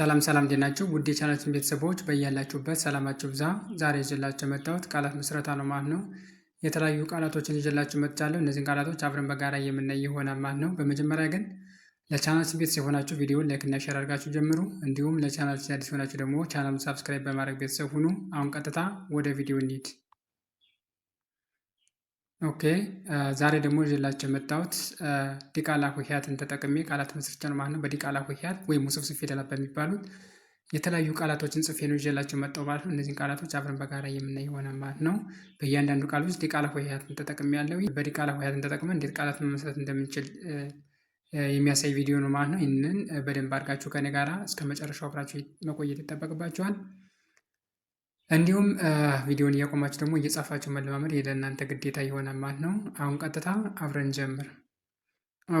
ሰላም ሰላም እንዴናችሁ ውድ የቻናችን ቤተሰቦች በያላችሁበት ሰላማችሁ ብዛ። ዛሬ ይዤላችሁ የመጣሁት ቃላት ምስረታ ነው ማለት ነው። የተለያዩ ቃላቶችን ይዤላችሁ መጥቻለሁ። እነዚህን ቃላቶች አብረን በጋራ የምናይ ይሆናል ማለት ነው። በመጀመሪያ ግን ለቻናችን ቤተሰብ የሆናችሁ ቪዲዮን ላይክ እና ሼር አድርጋችሁ ጀምሩ። እንዲሁም ለቻናችን አዲስ የሆናችሁ ደግሞ ቻናሉን ሳብስክራይብ በማድረግ ቤተሰብ ሁኑ። አሁን ቀጥታ ወደ ቪዲዮ እንሂድ። ኦኬ ዛሬ ደግሞ ይዤላችሁ የመጣሁት ዲቃላ ሆሄያትን ተጠቅሜ ቃላት መስርቻ ነው ማለት ነው። በዲቃላ ሆሄያት ወይም ውስብስብ ፊደላት በሚባሉት የተለያዩ ቃላቶችን ጽፌ ነው ይዤላችሁ የመጣሁ ማለት ነው። እነዚህን ቃላቶች አብረን በጋራ የምናይ ይሆናል ማለት ነው። በእያንዳንዱ ቃል ውስጥ ዲቃላ ሆሄያትን ተጠቅሜ ያለው በዲቃላ ሆሄያትን ተጠቅመን እንዴት ቃላት መመስረት እንደምንችል የሚያሳይ ቪዲዮ ነው ማለት ነው። ይህንን በደንብ አድርጋችሁ ከኔ ጋራ እስከ መጨረሻው አብራችሁ መቆየት ይጠበቅባችኋል። እንዲሁም ቪዲዮን እያቆማችሁ ደግሞ እየጻፋችሁ መለማመድ ለእናንተ ግዴታ የሆነ ማለት ነው። አሁን ቀጥታ አብረን ጀምር።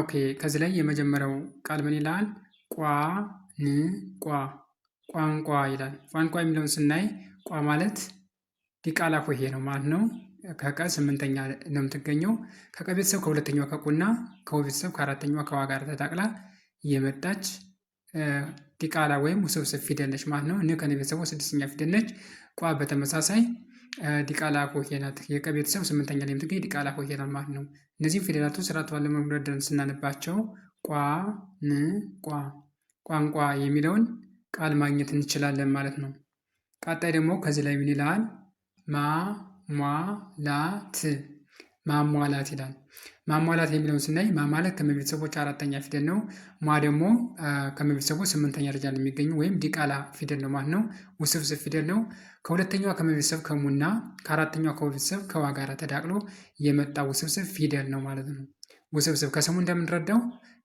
ኦኬ ከዚህ ላይ የመጀመሪያው ቃል ምን ይላል? ቋ ቋንቋ ይላል። ቋንቋ የሚለውን ስናይ ቋ ማለት ዲቃላ ሆሄ ነው ማለት ነው። ከቀ ስምንተኛ ነው የምትገኘው። ከቀ ቤተሰብ ከሁለተኛዋ ከቁና ከው ቤተሰብ ከአራተኛዋ ከዋ ጋር ተዳቅላ እየመጣች ዲቃላ ወይም ውስብስብ ፊደል ነች ማለት ነው። ን ከነ ቤተሰቡ ስድስተኛ ፊደል ነች። ቋ በተመሳሳይ ዲቃላ ሆሄ ናት። የቀ ቤተሰብ ስምንተኛ ላይ የምትገኝ ዲቃላ ሆሄ ናት ማለት ነው። እነዚህም ፊደላቱ ስርዓት ባለ መጉዳደርን ስናነባቸው ቋ ን ቋ ቋንቋ የሚለውን ቃል ማግኘት እንችላለን ማለት ነው። ቀጣይ ደግሞ ከዚህ ላይ ምን ይላል? ማ ሟ ላ ት ማሟላት ይላል። ማሟላት የሚለውን ስናይ ማ ማለት ከመቤተሰቦች አራተኛ ፊደል ነው። ሟ ደግሞ ከመቤተሰቦች ስምንተኛ ደረጃ የሚገኙ ወይም ዲቃላ ፊደል ነው ማለት ነው። ውስብስብ ፊደል ነው። ከሁለተኛዋ ከመቤተሰብ ከሙና ከአራተኛዋ ከቤተሰብ ከዋ ጋር ተዳቅሎ የመጣ ውስብስብ ፊደል ነው ማለት ነው። ውስብስብ ከስሙ እንደምንረዳው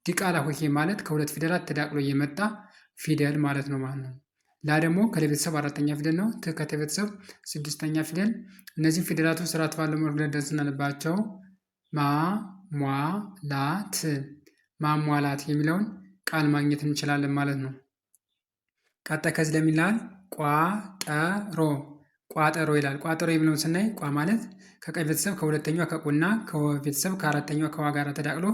ዲቃላ ሆሄ ማለት ከሁለት ፊደላት ተዳቅሎ የመጣ ፊደል ማለት ነው ማለት ነው። ላ ደግሞ ከለቤተሰብ አራተኛ ፊደል ነው። ት ከተቤተሰብ ስድስተኛ ፊደል። እነዚህ ፊደላቶች ስርዓት ባለው መልኩ ደርደን ስናነባቸው ማ ሟ ላ ት ማሟላት የሚለውን ቃል ማግኘት እንችላለን ማለት ነው። ቀጠ ከዚህ ለሚላል ቋጠሮ ቋጠሮ ይላል። ቋጠሮ የሚለውን ስናይ ቋ ማለት ከቀ ቤተሰብ ከሁለተኛዋ ከቁና ከቤተሰብ ከአራተኛዋ ከዋ ጋር ተዳቅሎ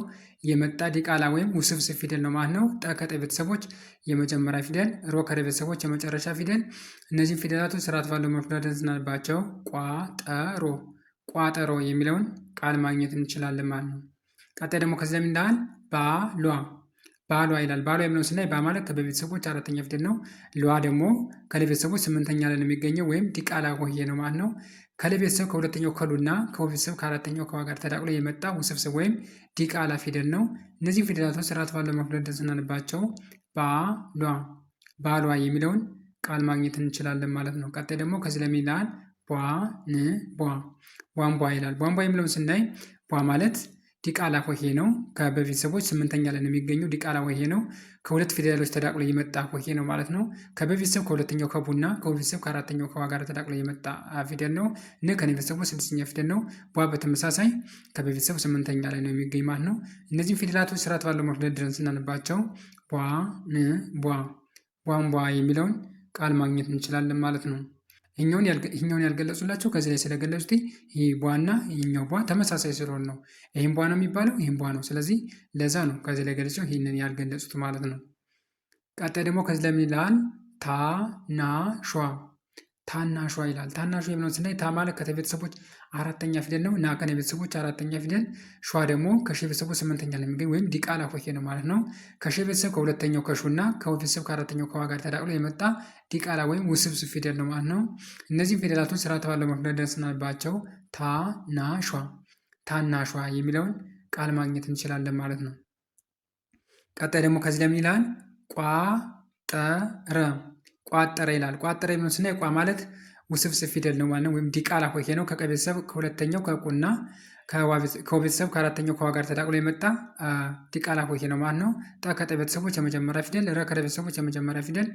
የመጣ ዲቃላ ወይም ውስብስብ ፊደል ነው ማለት ነው። ጠ ከጠ ቤተሰቦች የመጀመሪያ ፊደል፣ ሮ ከረ ቤተሰቦች የመጨረሻ ፊደል። እነዚህ ፊደላቶች ስርዓት ባለው መልኩ ስናነባቸው ቋጠሮ ቋጠሮ የሚለውን ቃል ማግኘት እንችላለን ማለት ነው። ቀጣይ ደግሞ ከዚህ ለምንዳል ባሏ ባሏ ይላል። ባሏ የሚለውን ስናይ ባ ማለት ከበቤተሰቦች አራተኛ ፊደል ነው። ለዋ ደግሞ ከለቤተሰቦች ስምንተኛ ላይ ነው የሚገኘው ወይም ዲቃላ ቆየ ነው ማለት ነው። ከለቤተሰብ ከሁለተኛው ከሉና ከቤተሰብ ከአራተኛው ከዋ ጋር ተዳቅሎ የመጣ ውስብስብ ወይም ዲቃላ ፊደል ነው። እነዚህ ፊደላቶች ስርዓት ባለው መክለል ስናነባቸው ባሏ ባሏ የሚለውን ቃል ማግኘት እንችላለን ማለት ነው። ቀጣይ ደግሞ ከዚህ ለሚላል ቧ ን ቧ ቧንቧ ይላል። ቧንቧ የሚለውን ስናይ ቧ ማለት ዲቃላ ሆሄ ነው። ከበቤተሰቦች ስምንተኛ ላይ ነው የሚገኘው። ዲቃላ ሆሄ ነው። ከሁለት ፊደሎች ተዳቅሎ የመጣ ሆሄ ነው ማለት ነው። ከበቤተሰብ ከሁለተኛው ከቡና ከቤተሰብ ከአራተኛው ከዋ ጋር ተዳቅሎ የመጣ ፊደል ነው። ን ከነቤተሰቡ ስድስተኛ ፊደል ነው። ቧ በተመሳሳይ ከበቤተሰቡ ስምንተኛ ላይ ነው የሚገኝ ማለት ነው። እነዚህም ፊደላቶች ስርዓት ባለው መልኩ ደርድረን ስናነባቸው ቧ ን ቧ ቧንቧ የሚለውን ቃል ማግኘት እንችላለን ማለት ነው። ይህኛውን ያልገለጹላቸው ከዚህ ላይ ስለገለጹት ይህ ቧና ይህኛው ቧ ተመሳሳይ ስለሆን ነው። ይህም ቧ ነው የሚባለው፣ ይህም ቧ ነው። ስለዚህ ለዛ ነው ከዚህ ላይ ገለጹ ይህንን ያልገለጹት ማለት ነው። ቀጣይ ደግሞ ከዚህ ለምን ይልሃል? ታ ና ሿ ታናሿ ይላል ታናሿ የሚለውን ስናይ ታ ማለት ከተ ቤተሰቦች አራተኛ ፊደል ነው። ና ከነ ቤተሰቦች አራተኛ ፊደል፣ ሿ ደግሞ ከሸ ቤተሰቦች ስምንተኛ ነው የሚገኝ ወይም ዲቃላ ሆሄ ነው ማለት ነው። ከሸ ቤተሰብ ከሁለተኛው ከሹና ከወ ቤተሰብ ከአራተኛው ከዋ ጋር ተዳቅሎ የመጣ ዲቃላ ወይም ውስብስብ ፊደል ነው ማለት ነው። እነዚህም ፊደላቶች ስራ ተባለ መክደር ደርሰናባቸው ታናሿ ታናሿ የሚለውን ቃል ማግኘት እንችላለን ማለት ነው። ቀጣይ ደግሞ ከዚህ ለምን ይላል ቋጠረ ቋጠረ ይላል። ቋጠረ የሚለውን ስና ቋ ማለት ውስብስብ ፊደል ነው ማለት ነው። ወይም ዲቃላ ሆሄ ነው። ከቀ ቤተሰብ ከሁለተኛው ከቁና ከቤተሰብ ከአራተኛው ከዋ ጋር ተዳቅሎ የመጣ ዲቃላ ሆሄ ነው ማለት ነው። ጠ ከጠ ቤተሰቦች የመጀመሪያ ፊደል፣ ረ ከረ ቤተሰቦች የመጀመሪያ ፊደል።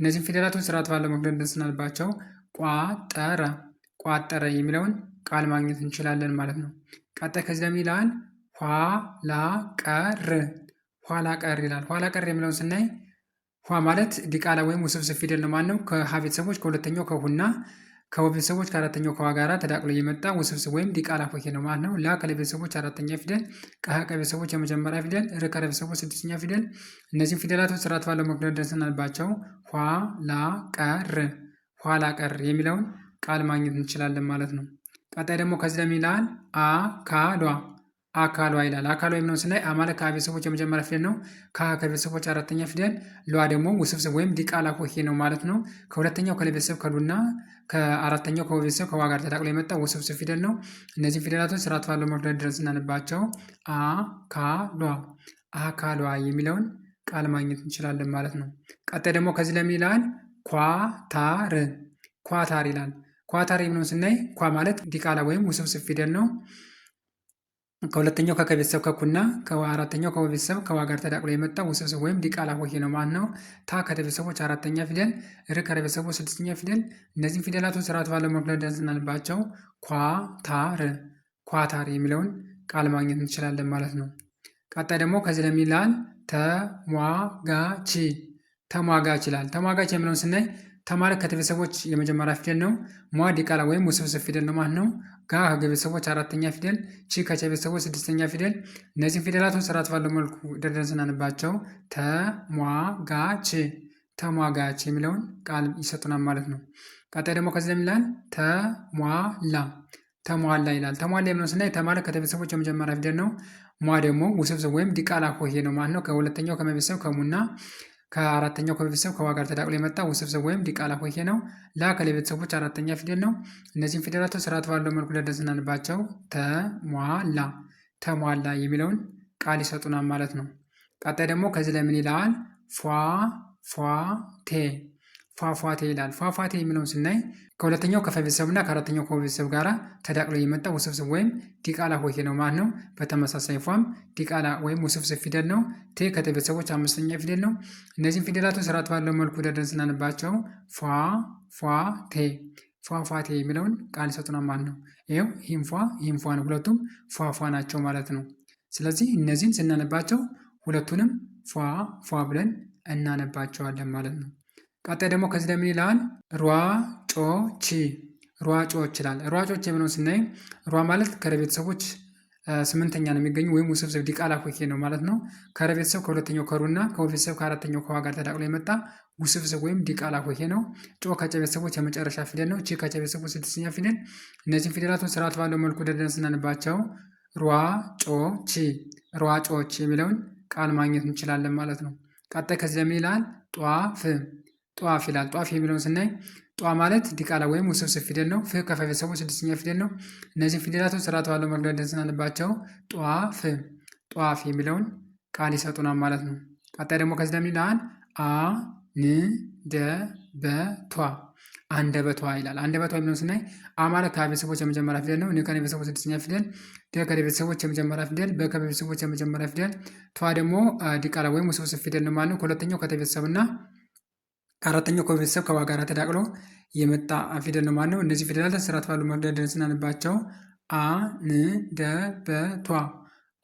እነዚህም ፊደላቱን ስርዓት ባለው መግደል እንደስናልባቸው ቋጠረ ቋጠረ የሚለውን ቃል ማግኘት እንችላለን ማለት ነው። ቀጣይ ከዚህ ደግሞ ይላል ኋላ ቀር ኋላ ቀር ይላል። ኋላ ቀር የሚለውን ስናይ ኳ ማለት ዲቃላ ወይም ውስብስብ ፊደል ነው ማነው? ነው። ከሀ ቤተሰቦች ከሁለተኛው ከሁና ከወ ቤተሰቦች ከአራተኛው ከዋ ጋር ተዳቅሎ የመጣ ውስብስብ ወይም ዲቃላ ሆሄ ነው ማለት ነው። ላ ከለ ቤተሰቦች አራተኛ ፊደል፣ ቀሀ ቤተሰቦች የመጀመሪያ ፊደል፣ ር ቤተሰቦች ስድስተኛ ፊደል። እነዚህም ፊደላቶች ስርዓት ባለው መግደር ደርሰናልባቸው ኋ ላ ቀር ኋላ ቀር የሚለውን ቃል ማግኘት እንችላለን ማለት ነው። ቀጣይ ደግሞ ከዚህ ለሚላል አካዷ አካሏ ይላል። አካሏ የሚለውን ስናይ አ ማለት ከቤተሰቦች የመጀመሪያ ፊደል ነው። ከ ከቤተሰቦች አራተኛ ፊደል፣ ሏ ደግሞ ውስብስብ ወይም ዲቃላ ሆሄ ነው ማለት ነው። ከሁለተኛው ከለቤተሰብ ከሉና ከአራተኛው ከቤተሰብ ከዋ ጋር ተዳቅሎ የመጣ ውስብስብ ፊደል ነው። እነዚህ ፊደላቶች ስርዓት ባለው መፍደር ድረስ እናንባቸው። አ ካ ሏ አካሏ የሚለውን ቃል ማግኘት እንችላለን ማለት ነው። ቀጣይ ደግሞ ከዚህ ለሚላል ኳታር ኳታር ይላል። ኳታር የሚለውን ስናይ ኳ ማለት ዲቃላ ወይም ውስብስብ ፊደል ነው። ከሁለተኛው ከከቤተሰብ ከኩና ከአራተኛው ከቤተሰብ ከዋ ጋር ተዳቅሎ የመጣ ውስብስብ ወይም ዲቃላ ሆሄ ነው ማለት ነው። ታ ከተቤተሰቦች አራተኛ ፊደል፣ ር ከረ ስድስተኛ ፊደል። እነዚህም ፊደላቱን ስርዓት ባለው መልኩ እናነባቸው። ኳ ታር ኳታር የሚለውን ቃል ማግኘት እንችላለን ማለት ነው። ቀጣይ ደግሞ ከዚህ ለሚላል ተሟጋች ተሟጋች ይላል። ተሟጋች የሚለውን ስናይ ተማሪ ከተቤተሰቦች የመጀመሪያ ፊደል ነው። ሟ ዲቃላ ወይም ውስብስብ ፊደል ነው ማለት ነው። ጋ ከገቤተሰቦች አራተኛ ፊደል፣ ቺ ከቤተሰቦች ስድስተኛ ፊደል። እነዚህም ፊደላቱን ስርዓት ባለው መልኩ ደርደን ስናነባቸው ተሟጋች ተሟጋች የሚለውን ቃል ይሰጡናል ማለት ነው። ቀጣይ ደግሞ ከዚህ ለሚላል ተሟላ ተሟላ ይላል። ተሟላ የሚለውን ስናይ ተማለ ከተቤተሰቦች የመጀመሪያ ፊደል ነው። ሟ ደግሞ ውስብስብ ወይም ዲቃላ ሆሄ ነው ማለት ነው። ከሁለተኛው ከመቤተሰብ ከሙና ከአራተኛው ከቤተሰብ ከዋ ጋር ተዳቅሎ የመጣ ውስብስብ ወይም ዲቃላ ሆሄ ነው። ላ ከለቤተሰቦች አራተኛ ፊደል ነው። እነዚህም ፊደላቶች ስርዓት ባለው መልኩ ለደስ ተሟላ ተሟላ የሚለውን ቃል ይሰጡናል ማለት ነው። ቀጣይ ደግሞ ከዚህ ለምን ይለዋል? ፏ ቴ ፏፏቴ ይላል። ፏፏቴ የሚለውን ስናይ ከሁለተኛው ከፈ ቤተሰብ እና ከአራተኛው ከወ ቤተሰብ ጋር ተዳቅሎ የመጣ ውስብስብ ወይም ዲቃላ ሆሄ ነው ማለት ነው። በተመሳሳይ ፏም ዲቃላ ወይም ውስብስብ ፊደል ነው። ቴ ከተ ቤተሰቦች አምስተኛ ፊደል ነው። እነዚህም ፊደላቱ ስርዓት ባለው መልኩ ደርድረን ስናነባቸው ፏ ፏ ቴ ፏፏቴ የሚለውን ቃል ይሰጡና ማለት ነው። ይኸው ይህም ፏ ይህም ፏ ነው። ሁለቱም ፏፏ ናቸው ማለት ነው። ስለዚህ እነዚህን ስናነባቸው ሁለቱንም ፏ ፏ ብለን እናነባቸዋለን ማለት ነው። ቀጣይ ደግሞ ከዚህ ለምን ይላል ሯ ጮ ቺ ሯ ጮ ይችላል። ሯ ስናይ ሯ ማለት ከረቤተሰቦች ስምንተኛ ነው የሚገኙ ወይም ውስብስብ ዲቃላ ኮኬ ነው ማለት ነው። ከረቤተሰብ ከሁለተኛው ከሩና ከወቤተሰብ ከአራተኛው ከዋ ጋር ተዳቅሎ የመጣ ውስብስብ ወይም ዲቃላ ኮኬ ነው። ጮ ከጨ ቤተሰቦች የመጨረሻ ፊደል ነው። ቺ ከጨ ቤተሰቦች ስድስተኛ ፊደል። እነዚህም ፊደላቱን ስርዓት ባለው መልኩ ደደን ስናንባቸው ሯ ጮ ቺ ሯ የሚለውን ቃል ማግኘት እንችላለን ማለት ነው። ቀጣይ ከዚህ ለምን ይላል ጧፍ ጧፍ ይላል። ጧፍ የሚለውን ስናይ ጧ ማለት ዲቃላ ወይም ውስብስብ ፊደል ነው። ፍ ከፈ ቤተሰቡ ስድስተኛ ፊደል ነው። እነዚህ ፊደላቶች ስርዓት ባለው መቅደል ደንስናልባቸው ጧፍ ጧፍ የሚለውን ቃል ይሰጡናል ማለት ነው። ቀጣይ ደግሞ ከዚህ ደሚል ይላል አ ን ደ በ ቷ አንደበቷ ይላል። አንደበቷ የሚለውን ስናይ አ ማለት ከሀ ቤተሰቦች የመጀመሪያ ፊደል ነው። ን ከነ ቤተሰቦች ስድስተኛ ፊደል፣ ደ ከደ ቤተሰቦች የመጀመሪያ ፊደል፣ በ ከበ ቤተሰቦች የመጀመሪያ ፊደል፣ ቷ ደግሞ ዲቃላ ወይም ውስብስብ ፊደል ነው ማለት ነው። ከሁለተኛው ከተ ቤተሰብና ከአራተኛው ከቤተሰብ ከዋ ጋር ተዳቅሎ የመጣ ፊደል ነው ማለት ነው። እነዚህ ፊደላት ስርዓት ባሉ መፍደደን ስናነባቸው አ ን ደ በ ቷ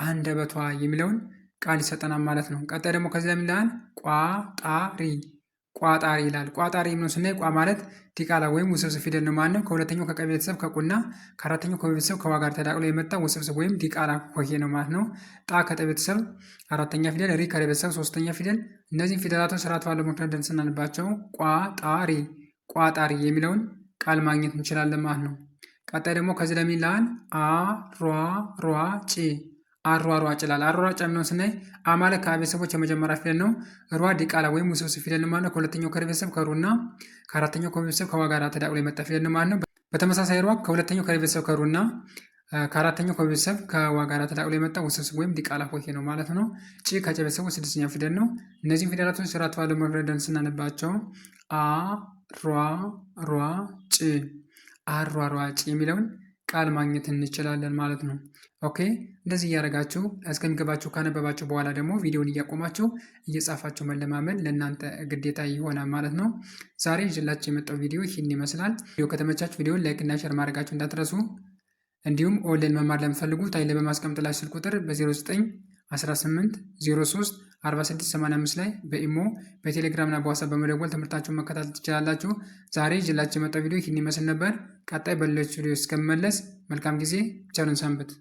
አንደበቷ የሚለውን ቃል ይሰጠናል ማለት ነው። ቀጣይ ደግሞ ከዚያ የሚላል ቋጣሪ ቋጣሪ ይላል። ቋጣሪ የምነው ስናይ ቋ ማለት ዲቃላ ወይም ውስብስብ ፊደል ነው ማለት ነው። ከሁለተኛው ከቀ ቤተሰብ ከቁና ከአራተኛው ከቤተሰብ ከዋ ጋር ተዳቅሎ የመጣ ውስብስብ ወይም ዲቃላ ኮሄ ነው ማለት ነው። ጣ ከጠ ቤተሰብ አራተኛ ፊደል፣ ሪ ከረ ቤተሰብ ሶስተኛ ፊደል። እነዚህም ፊደላቶች ስርዓት ባለው መክንያት ስናነባቸው ቋጣሪ ቋጣሪ የሚለውን ቃል ማግኘት እንችላለን ማለት ነው። ቀጣይ ደግሞ ከዚህ ለሚላን አሯሯጭ አሯሯጭ ይላል። አሯሯጭ የሚለውን ስናይ አማለ ከቤተሰቦች የመጀመሪያ ፊደል ነው። ሯ ዲቃላ ወይም ውስብስብ ፊደል ነው ማለት ነው። ከሁለተኛው ከቤተሰብ ከሩና ከአራተኛው ከቤተሰብ ከዋ ጋር ተዳቅሎ የመጣ ፊደል ነው ማለት ነው። በተመሳሳይ ሯ ከሁለተኛው ከቤተሰብ ከሩና ከአራተኛው ከቤተሰብ ከዋ ጋር ተዳቅሎ የመጣ ውስብስብ ወይም ዲቃላ ሆሄ ነው ማለት ነው። ጭ ከጨ ቤተሰቦች ስድስተኛው ፊደል ነው። እነዚህም ፊደላቶች ስርዓት ባለው መፍረደን ስናነባቸው አሯሯ ጭ የሚለውን ቃል ማግኘት እንችላለን ማለት ነው። ኦኬ እንደዚህ እያደረጋችሁ እስከሚገባችሁ ካነበባችሁ በኋላ ደግሞ ቪዲዮን እያቆማችሁ እየጻፋችሁ መለማመድ ለእናንተ ግዴታ ይሆናል ማለት ነው። ዛሬ ይዤላችሁ የመጣው ቪዲዮ ይህን ይመስላል። ቪዲዮ ከተመቻችሁ ቪዲዮን ላይክና ሸር ማድረጋችሁ እንዳትረሱ። እንዲሁም ኦንላይን መማር ለምፈልጉ ታይለ በማስቀምጥላችሁ ስልክ ቁጥር በ09 18 ላይ በኢሞ በቴሌግራም በዋሳ በመደወል ትምህርታችሁን መከታተል ትችላላችሁ። ዛሬ ይዤላችሁ የመጣው ቪዲዮ ይህን ይመስል ነበር። ቀጣይ በሌሎች ቪዲዮ እስከምመለስ መልካም ጊዜ፣ ቸርን ሰንብት።